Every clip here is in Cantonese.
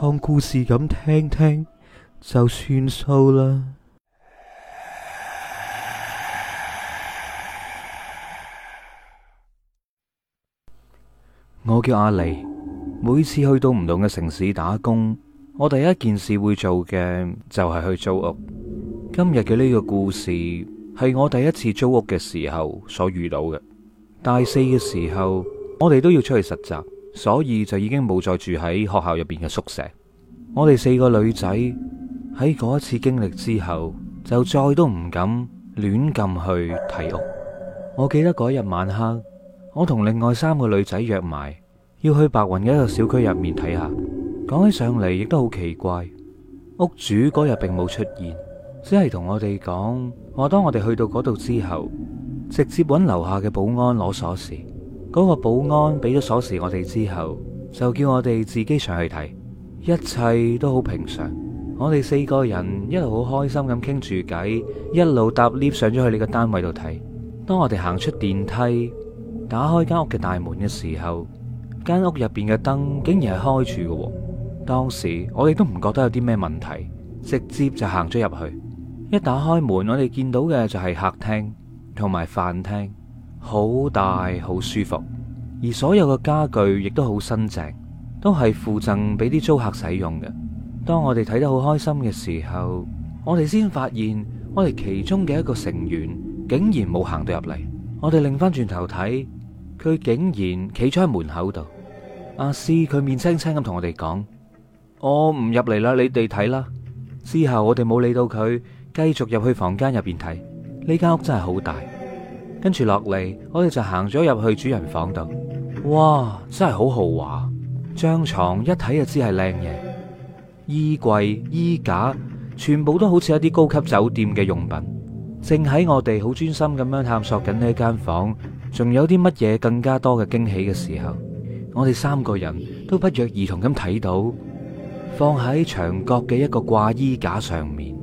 當故事咁聽聽就算數啦。我叫阿麗，每次去到唔同嘅城市打工，我第一件事會做嘅就係去租屋。今日嘅呢個故事係我第一次租屋嘅時候所遇到嘅。大四嘅時候，我哋都要出去實習。所以就已經冇再住喺學校入邊嘅宿舍。我哋四個女仔喺嗰一次經歷之後，就再都唔敢亂咁去睇屋。我記得嗰日晚黑，我同另外三個女仔約埋，要去白雲嘅一個小區入面睇下。講起上嚟亦都好奇怪，屋主嗰日並冇出現，只係同我哋講話，當我哋去到嗰度之後，直接揾樓下嘅保安攞鎖匙。嗰個保安俾咗鎖匙我哋之後，就叫我哋自己上去睇，一切都好平常。我哋四個人一路好開心咁傾住偈，一路搭 lift 上咗去你個單位度睇。當我哋行出電梯，打開間屋嘅大門嘅時候，間屋入邊嘅燈竟然係開住嘅。當時我哋都唔覺得有啲咩問題，直接就行咗入去。一打開門，我哋見到嘅就係客廳同埋飯廳。好大，好舒服，而所有嘅家具亦都好新淨，都係附贈俾啲租客使用嘅。當我哋睇得好開心嘅時候，我哋先發現我哋其中嘅一個成員竟然冇行到入嚟。我哋擰翻轉頭睇，佢竟然企咗喺門口度。阿詩佢面青青咁同我哋講：我唔入嚟啦，你哋睇啦。之後我哋冇理到佢，繼續入去房間入邊睇。呢間屋真係好大。跟住落嚟，我哋就行咗入去主人房度。哇，真係好豪華！張床一睇就知係靚嘢，衣櫃、衣架全部都好似一啲高級酒店嘅用品。正喺我哋好專心咁樣探索緊呢一間房，仲有啲乜嘢更加多嘅驚喜嘅時候，我哋三個人都不約而同咁睇到，放喺牆角嘅一個掛衣架上面，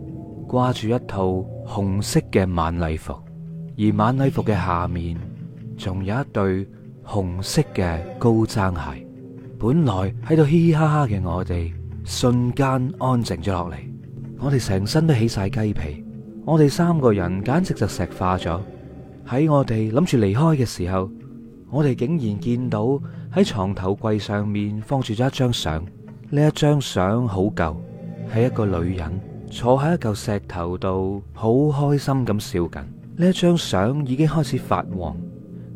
掛住一套紅色嘅晚禮服。而晚禮服嘅下面，仲有一對紅色嘅高踭鞋。本來喺度嘻嘻哈哈嘅我哋，瞬間安靜咗落嚟。我哋成身都起晒雞皮，我哋三個人簡直就石化咗。喺我哋諗住離開嘅時候，我哋竟然見到喺床頭櫃上面放住咗一張相。呢一張相好舊，係一個女人坐喺一嚿石頭度，好開心咁笑緊。呢一張相已經開始發黃，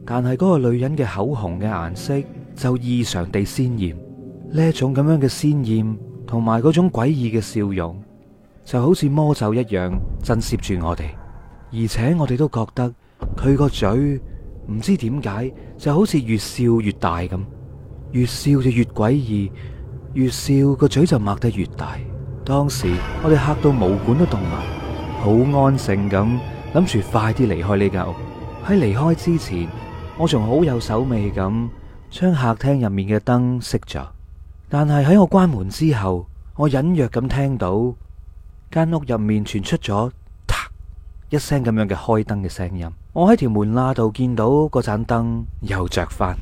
但係嗰個女人嘅口紅嘅顏色就異常地鮮艷。呢一種咁樣嘅鮮艷，同埋嗰種詭異嘅笑容，就好似魔咒一樣震懾住我哋。而且我哋都覺得佢個嘴唔知點解就好似越笑越大咁，越笑就越詭異，越笑個嘴就擘得越大。當時我哋嚇到毛管都戙埋，好安靜咁。諗住快啲離開呢間屋，喺離開之前，我仲好有手尾咁將客廳入面嘅燈熄咗。但係喺我關門之後，我隱約咁聽到間屋入面傳出咗嗒一聲咁樣嘅開燈嘅聲音。我喺條門罅度見到嗰盞燈又着翻，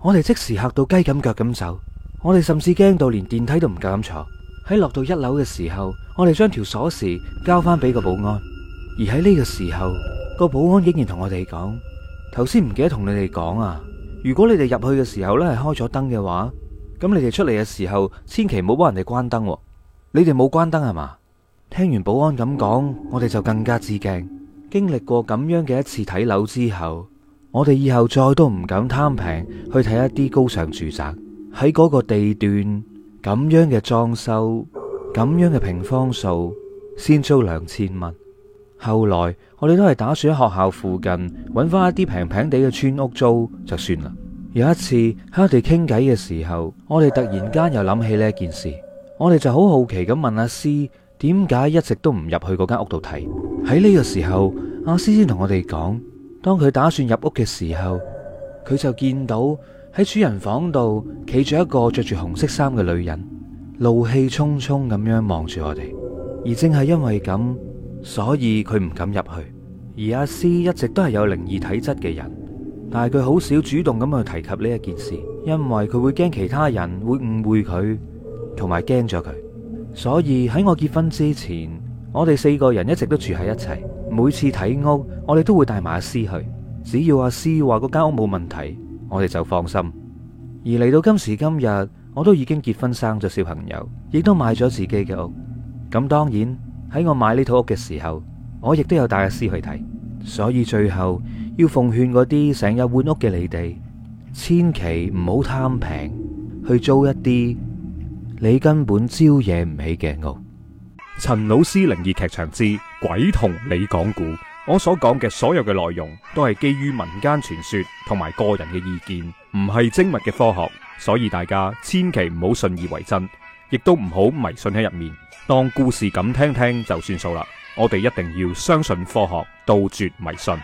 我哋即時嚇到雞咁腳咁走。我哋甚至驚到連電梯都唔敢咁坐。喺落到一樓嘅時候，我哋將條鎖匙交翻俾個保安。而喺呢個時候，個保安竟然同我哋講：頭先唔記得同你哋講啊，如果你哋入去嘅時候呢，係開咗燈嘅話，咁你哋出嚟嘅時候，千祈唔好幫人哋關燈喎。你哋冇關燈係嘛？聽完保安咁講，我哋就更加之驚。經歷過咁樣嘅一次睇樓之後，我哋以後再都唔敢貪平去睇一啲高尚住宅。喺嗰個地段，咁樣嘅裝修，咁樣嘅平方數，先租兩千蚊。」後來我哋都係打算喺學校附近揾翻一啲平平地嘅村屋租就算啦。有一次喺我哋傾偈嘅時候，我哋突然間又諗起呢一件事，我哋就好好奇咁問阿師點解一直都唔入去嗰間屋度睇。喺呢個時候，阿師先同我哋講，當佢打算入屋嘅時候，佢就見到喺主人房度企住一個着住紅色衫嘅女人，怒氣沖沖咁樣望住我哋，而正係因為咁。所以佢唔敢入去，而阿詩一直都係有靈異體質嘅人，但係佢好少主動咁去提及呢一件事，因為佢會驚其他人會誤會佢，同埋驚咗佢。所以喺我結婚之前，我哋四個人一直都住喺一齊，每次睇屋，我哋都會帶埋阿詩去，只要阿詩話嗰間屋冇問題，我哋就放心。而嚟到今時今日，我都已經結婚生咗小朋友，亦都買咗自己嘅屋，咁當然。喺我買呢套屋嘅時候，我亦都有帶律師去睇，所以最後要奉勸嗰啲成日換屋嘅你哋，千祈唔好貪平去租一啲你根本招惹唔起嘅屋。陳老師靈異劇場之「鬼同你講故」，我所講嘅所有嘅內容都係基於民間傳說同埋個人嘅意見，唔係精密嘅科學，所以大家千祈唔好信以為真。亦都唔好迷信喺入面，當故事咁聽聽就算數啦。我哋一定要相信科學，杜絕迷信。